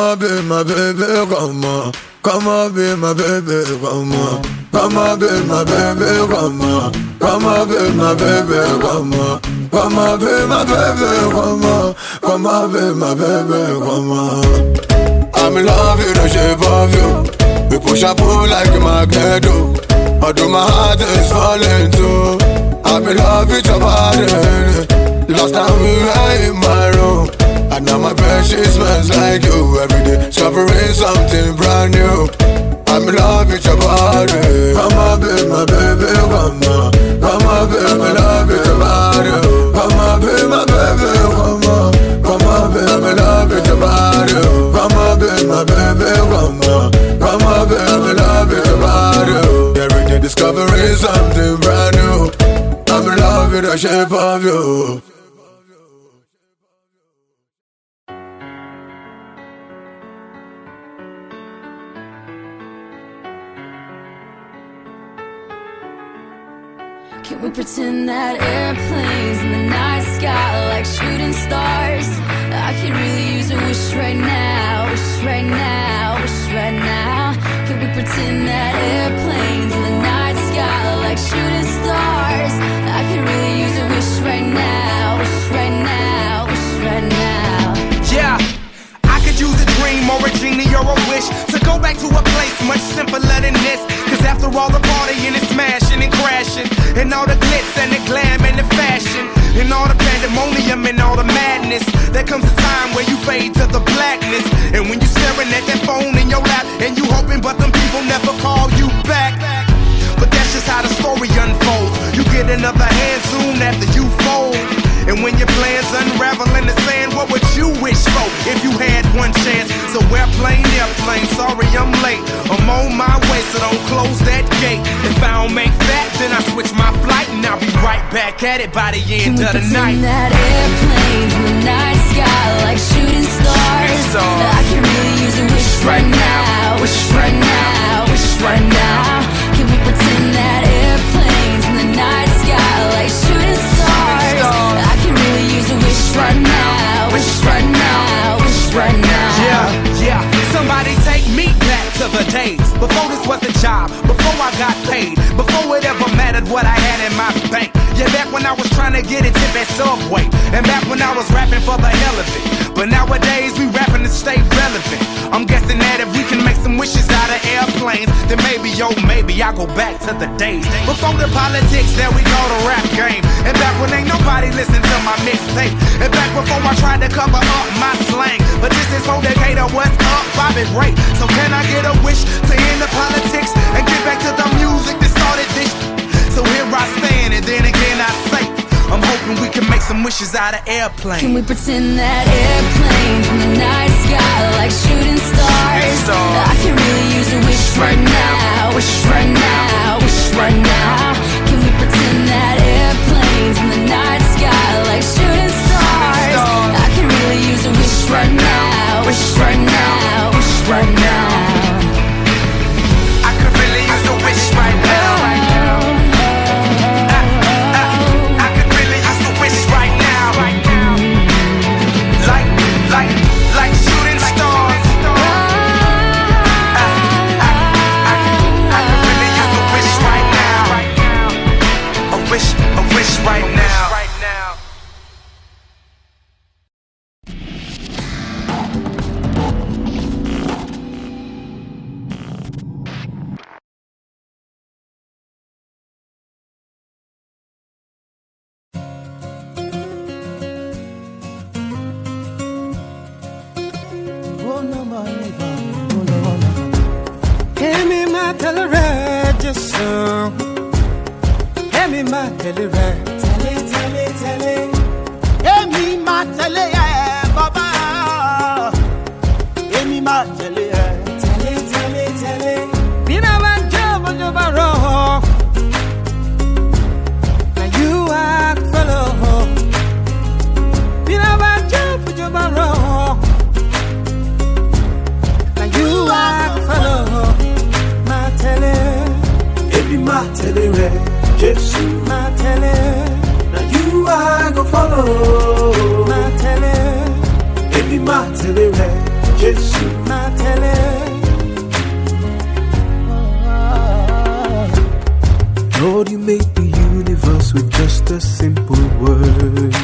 on, be my baby, come on. Come on, be my baby, come on. Come on, be my baby, come on. Come on, be my baby, come on. Come on, be my baby, come on. Come on, be my baby. airplane. Sorry, I'm late. I'm on my way, so don't close that gate. If I don't make that, then I switch my flight and I'll be right back at it by the end Can of the night. That airplane in the night sky like shooting stars. I can really use a wish right, right now, wish right now, wish right now. Can we pretend that airplanes in the night sky like shooting stars? Shooting stars. I can really use a wish right now, wish right now, wish right now. Yeah. Somebody take me back to the days before this was a job, before I got paid, before it ever mattered what I had in my bank. Yeah, back when I was trying to get a tip at Subway, and back when I was rapping for the hell of it. But nowadays, we rapping to stay relevant. I'm guessing that if we can make some wishes out of airplanes, then maybe, yo, oh, maybe I'll go back to the days. Before the politics, there we go, the rap game. And back when ain't nobody listened to my mixtape. And back before I tried to cover up my slang. But this is decade of what's up, Bobby Ray? So can I get a wish to end the politics and get back to the music that started this? so here I stand, and then again I say, I'm hoping we can make some wishes out of airplane. Can we pretend that airplane from the night sky like shooting stars? I can really use a wish right, right now, wish right, right now, now, wish right now. Can we pretend that airplane from the night sky like shooting stars? stars. I can really use a wish right, right now, wish right now, wish right now. be my telere. Jesu my telere. Now you I go follow. My telere. be my telere. Jesu my telere. Lord, you made the universe with just a simple word.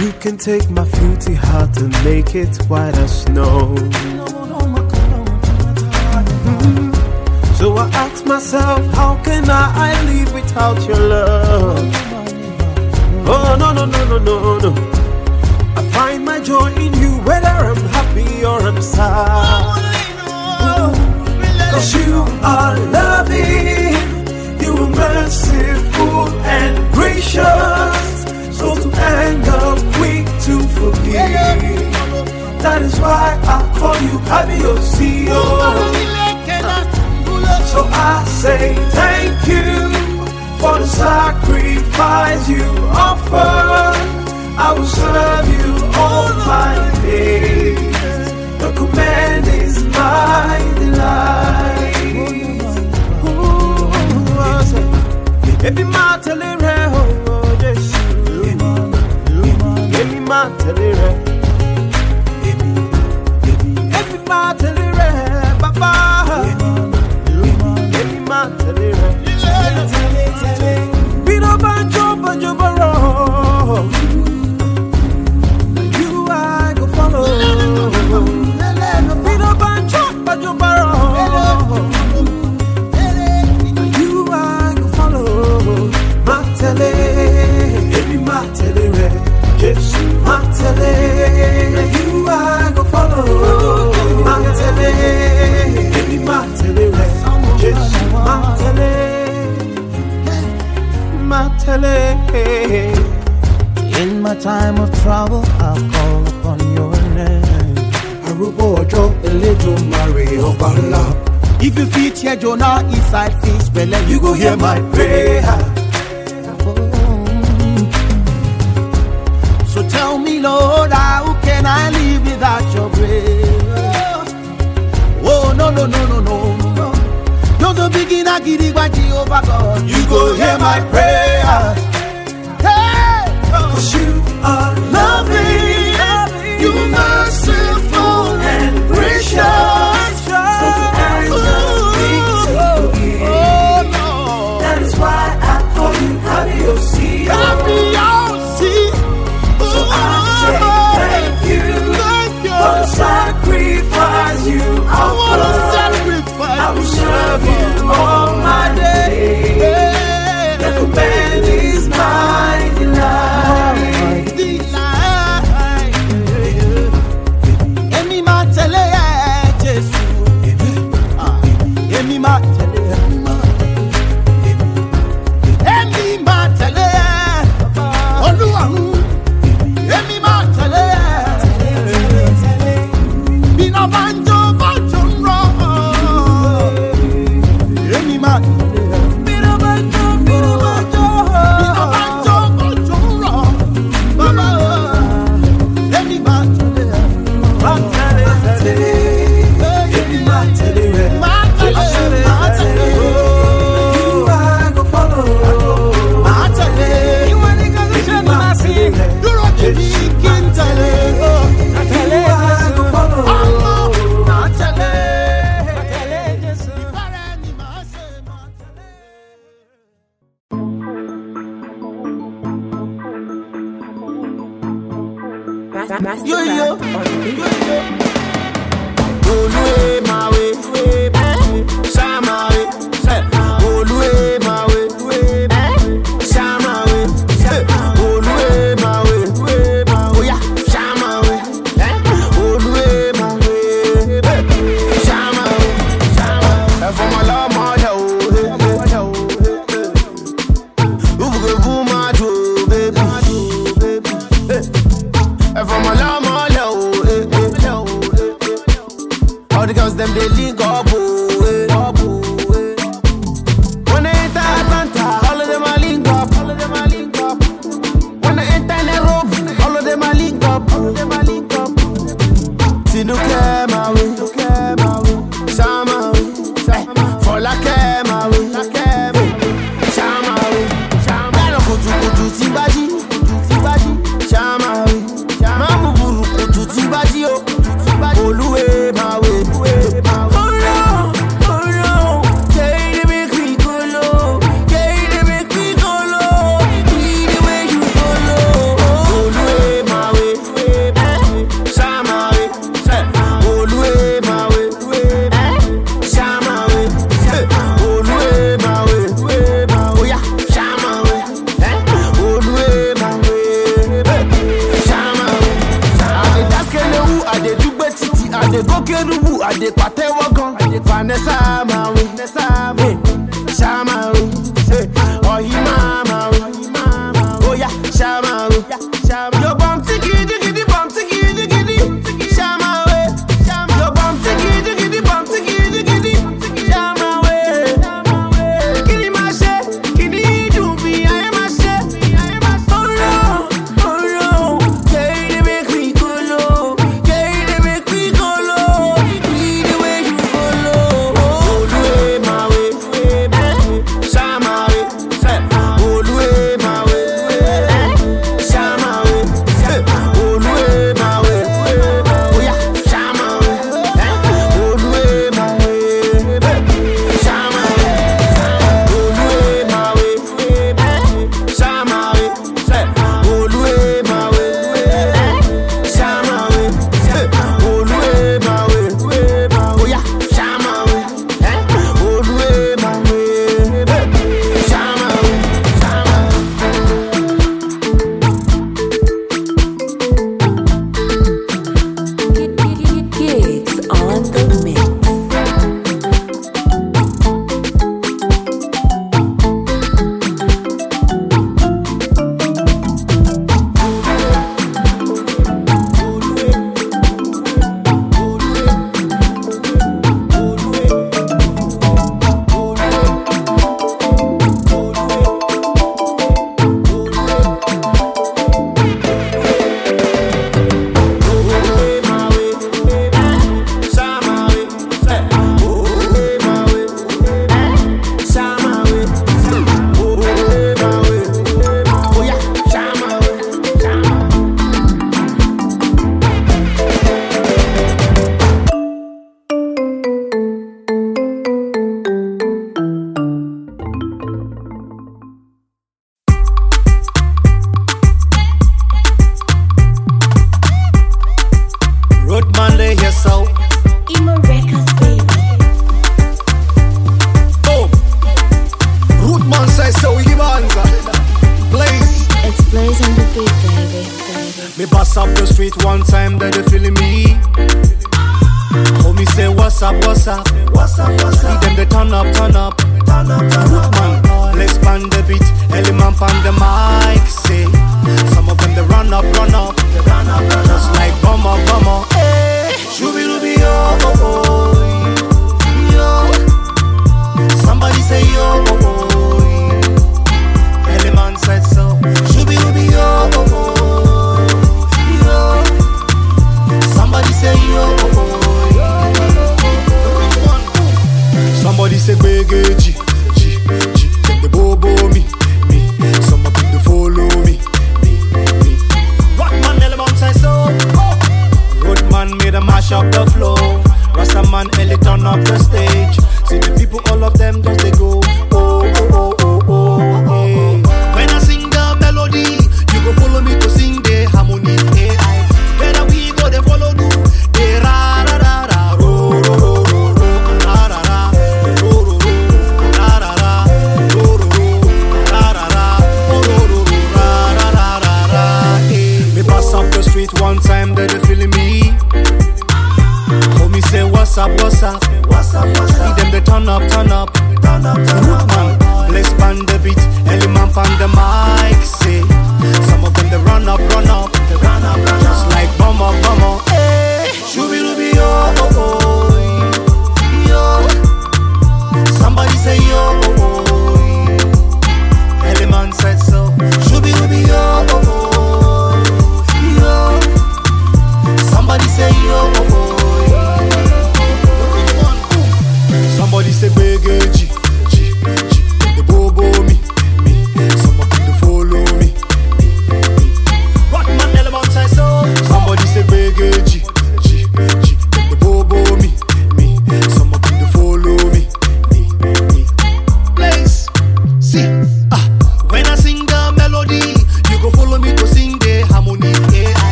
You can take my fruity heart and make it white as snow. So I ask myself, how can I, live without your love? Oh, no, no, no, no, no, no. I find my joy in you, whether I'm happy or I'm sad. Cause you are loving, you are merciful and gracious. So to anger, quick to forgive. That is why I call you Habiosio. So I say thank you for the sacrifice you offer. I will serve you all my days. The command is my delight. Ebi ma tẹ̀lé rẹ̀ o Jésù. Ebi ma tẹ̀lé rẹ̀. Ebi ma tẹ̀lé rẹ̀ bàbá. Beat up banjo, banjo barrow. You I go follow. Beat banjo, banjo barrow. You I go follow. Matele, baby matele, yes matele. In my time of trouble, I'll call upon your name. Arúgbó ọjọ́ Elédùmarè ọba ńlá. If you fit hear Jonah inside fish belle, you go hear my prayer. So tell me, Lord, how can I live without your grace? Oh, no, no, no, no, no to begin, a give it by Jehovah God. You go hear my prayer. Akerubu, I did Patewagon, Vanessa, man.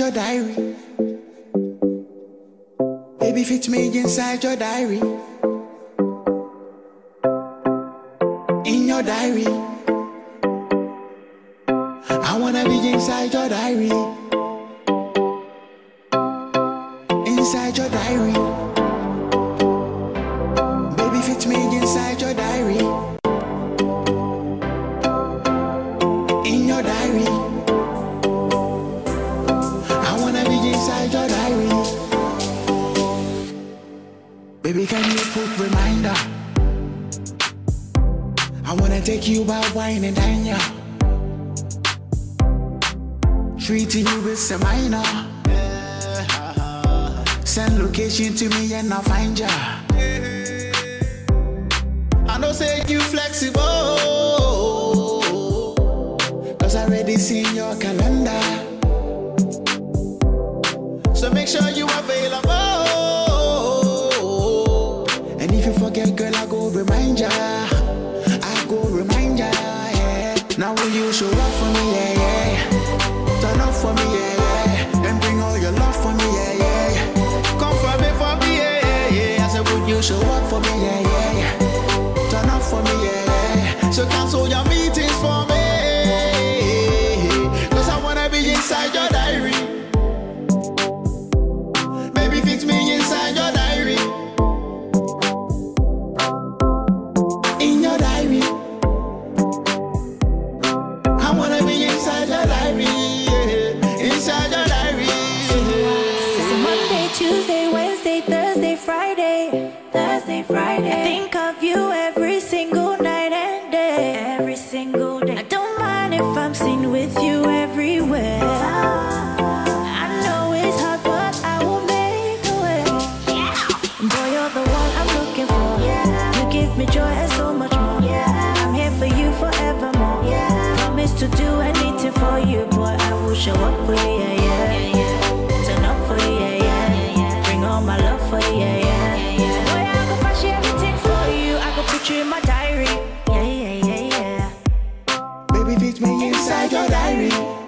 inside your diary. Baby, fit me inside your diary. diary.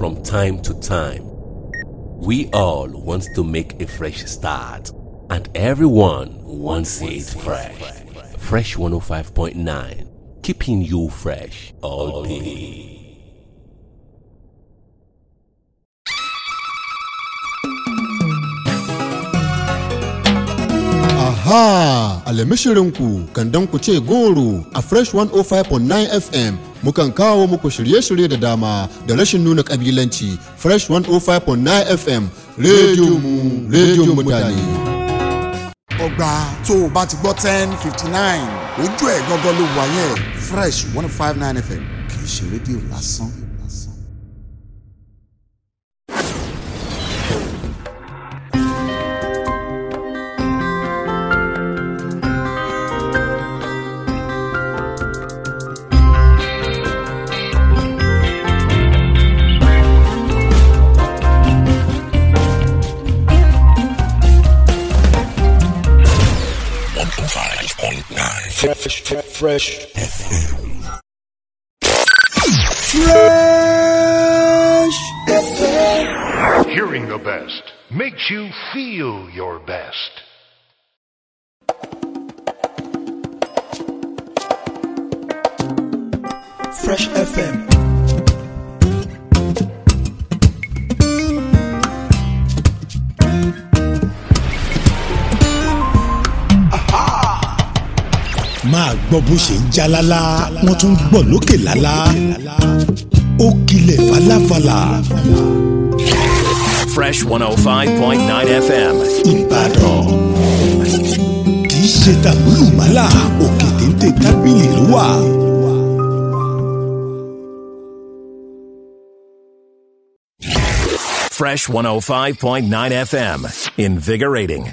from time to time. We all want to make a fresh start, and everyone wants it fresh. Fresh 105.9, keeping you fresh all day. Aha! Alamishirinku kan don ku a Fresh 105.9 FM mukan kawo muku shirye-shirye da dama da rashin nuna kabilanci fresh 105.9 fm rediyo mu rediyo mutane ọgbà tó o bá ti gbọ́ ten fifty nine ojú ẹ̀ gángan ló wà yẹn fresh one oh five nine fm kì í ṣe rédíò lásán. fresh, fresh, FM. Fresh FM. Hearing the best makes you feel your best. Fresh FM. máa gbọ́ bó ṣe ń já lálá wọ́n tún gbọ́ lókè lálá ó kilẹ̀ falafala. Fresh one oh five point nine FM. Ìbàdàn kì í ṣe òkè téńté tábìlì ló wà. Fresh 105.9 FM. Invigorating.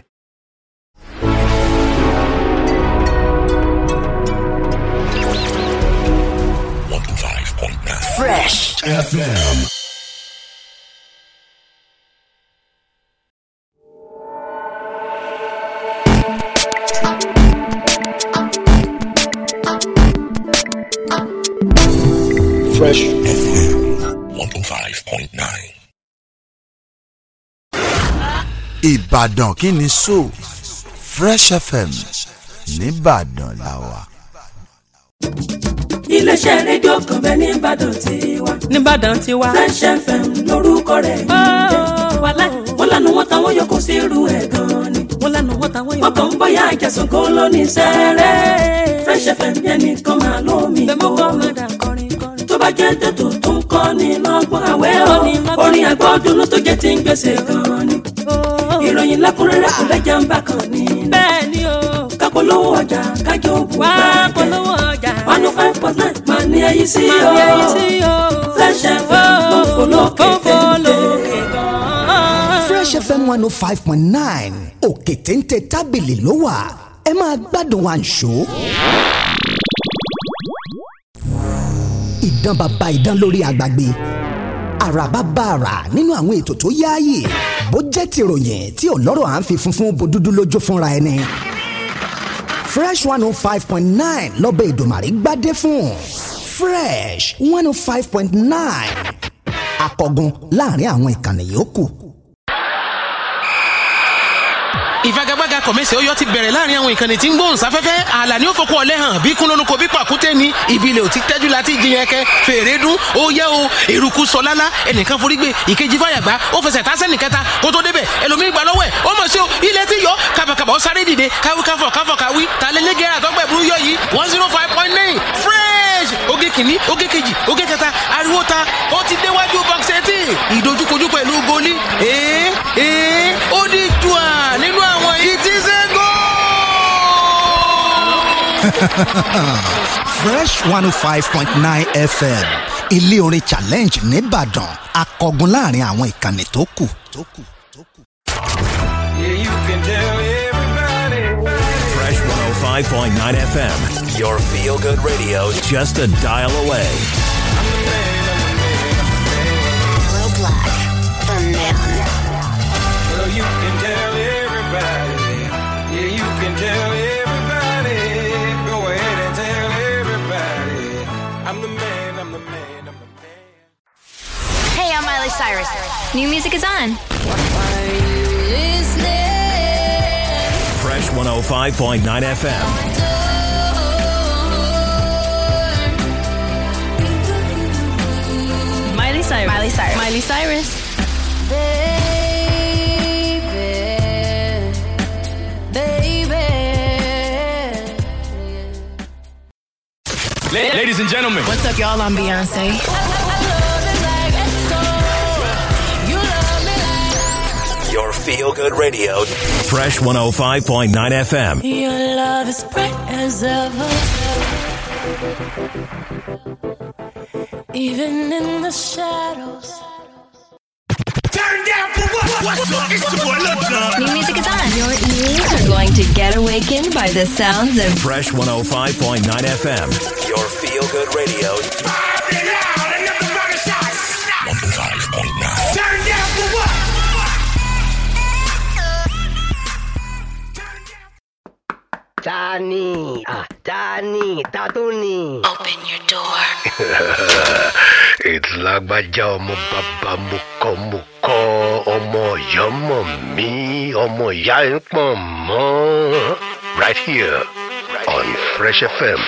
Fresh FM. Fresh FM 105.9. Ìbàdàn kí ni so Fresh FM nìbàdàn làwà. iléeṣẹ́ rédíò kan bẹ́ẹ̀ ní Ìbàdàn tiwa. ní Ìbàdàn tiwa. Fresh FM lórúkọ rẹ̀ ń jẹ́. wàlẹ́ wọn lanu wọn táwọn yọ kó sí irú ẹ̀ gan ni. wọn lanu wọn táwọn yọ. wọn kàn ń bọyá àjàsùn kó ló sẹ́rẹ́. Fresh FM yẹn nìkan máa lómi kó. bẹ́ẹ̀ mo kọ́ máa dà kọrin kọrin. tó bá jẹ́ tètò tó ń kọ́ ni lọ́gbọ́n àwẹ́ o orin àgbọ̀dúnú tó jẹ́ ti ń gbèsè gan ni. Oh. ìròyìn lẹ́kùnrẹ́rẹ́ kò lẹ́jà ń bà kan ni. bẹ́ẹ̀ ni o. ká ọjà kájọ òògùn one oh five point nine máa ní ẹyí sí o Fresh FM ló oh, ń folókè tẹ́lẹ̀. Fresh FM one oh five point nine òkè téńté tábìlì ló wà ẹ máa gbádùn àǹṣó. ìdán bàbá ìdán lórí àgbàgbé àràbá bá àrà nínú àwọn ètò tó yáàyè bó jẹ́ tìròyìn tí ọlọ́rọ̀ à ń fi funfun bo dúdú lójú fúnra ẹni fresh one oh five point nine lọ́bẹ̀ ìdòmàrí gbadé fún fresh one oh five point nine akọgun láàrin àwọn ìkànnì yòókù ìfagagbága kọ̀mẹ́sẹ̀ ó yọ ti bẹ̀rẹ̀ láàrin àwọn ìkànnì tí ń gbóhùn sáfẹ́fẹ́ àlà ni ó fokú ọlẹ́ hàn bí kúnlónúkọ bí pàkúté ni ìbílẹ̀ ò ti tẹ́jú láti jiyàn ẹkẹ fèrè dún ó yẹ o eruku sọ lálá ẹnìkan forí gbé ìkejì fàyàgbá ó fẹsẹ̀ tá sẹ́nì kẹta kó tó débẹ̀ ẹlòmíín gbà lọ́wọ́ ẹ̀ ó mọ̀ sí o ilẹ̀ ti yọ kàbàkàbà ó sáré dìde káwí one zero five point nine fresh oge kìíní oge kejì oge kẹta ariwo ta ó ti déwájú box eighteen ìdojúkojú pẹ̀lú goli ee ee ó dìjú à nínú fresh one oh five point nine fm ilé orin challenge nìbàdàn akọgun láàrin àwọn ìkànnì tó kù. fresh one oh five point nine fm your feel good radio just a dial away. Cyrus. New music is on. Fresh 105.9 FM. Miley Cyrus. Miley Cyrus. Miley Cyrus. Baby, baby. Ladies and gentlemen. What's up, y'all? I'm Beyonce. Feel Good Radio. Fresh 105.9 FM. Your love is bright as ever. Even in the shadows. Turn down for what? What's up? It's the boy Love New music is on. Your ears are going to get awakened by the sounds of Fresh 105.9 FM. Your Feel Good Radio. Danny, uh, ah, Danny, Tatuni. Open your door. it's lágbájá ọmọ bàbá mukọ mukọ ọmọ ìyá ọmọ mi ọmọ ìyá ń Right here right on here. Fresh FM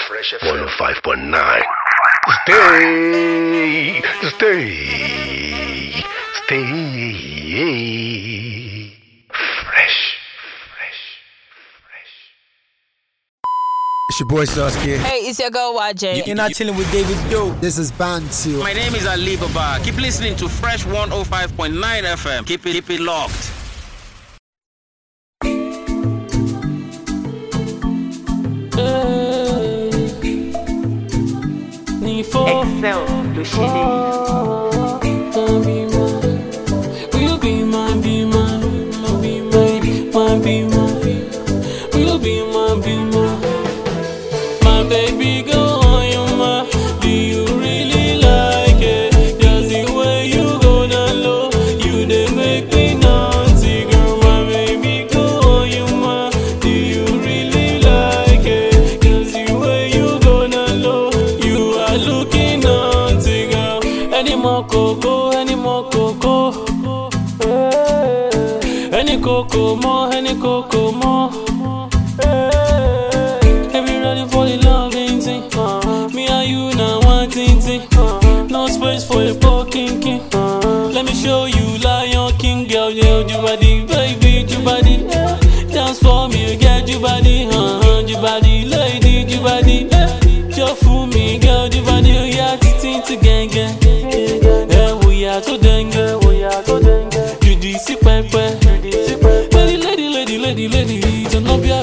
105.9. Stay, stay, stay. It's your boy Sasuke. Hey, it's your girl YJ. You're not chilling with David Doe. This is Bantu. My name is Ali Baba. Keep listening to Fresh 105.9 FM. Keep it, keep it locked. Excel, le more honey.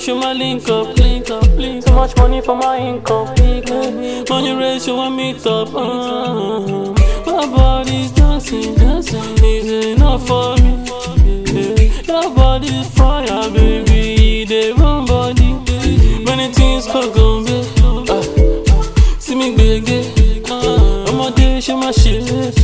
show my link up, link up, link up. Too much money for my income. Money ratio when meet up. Uh, uh, uh, my body's dancing, dancing. Is enough for me. Yeah. Your body's fire, baby. They one body. Many things for gone, uh, ah, See me, baby. Uh, I'm a day, show my shit.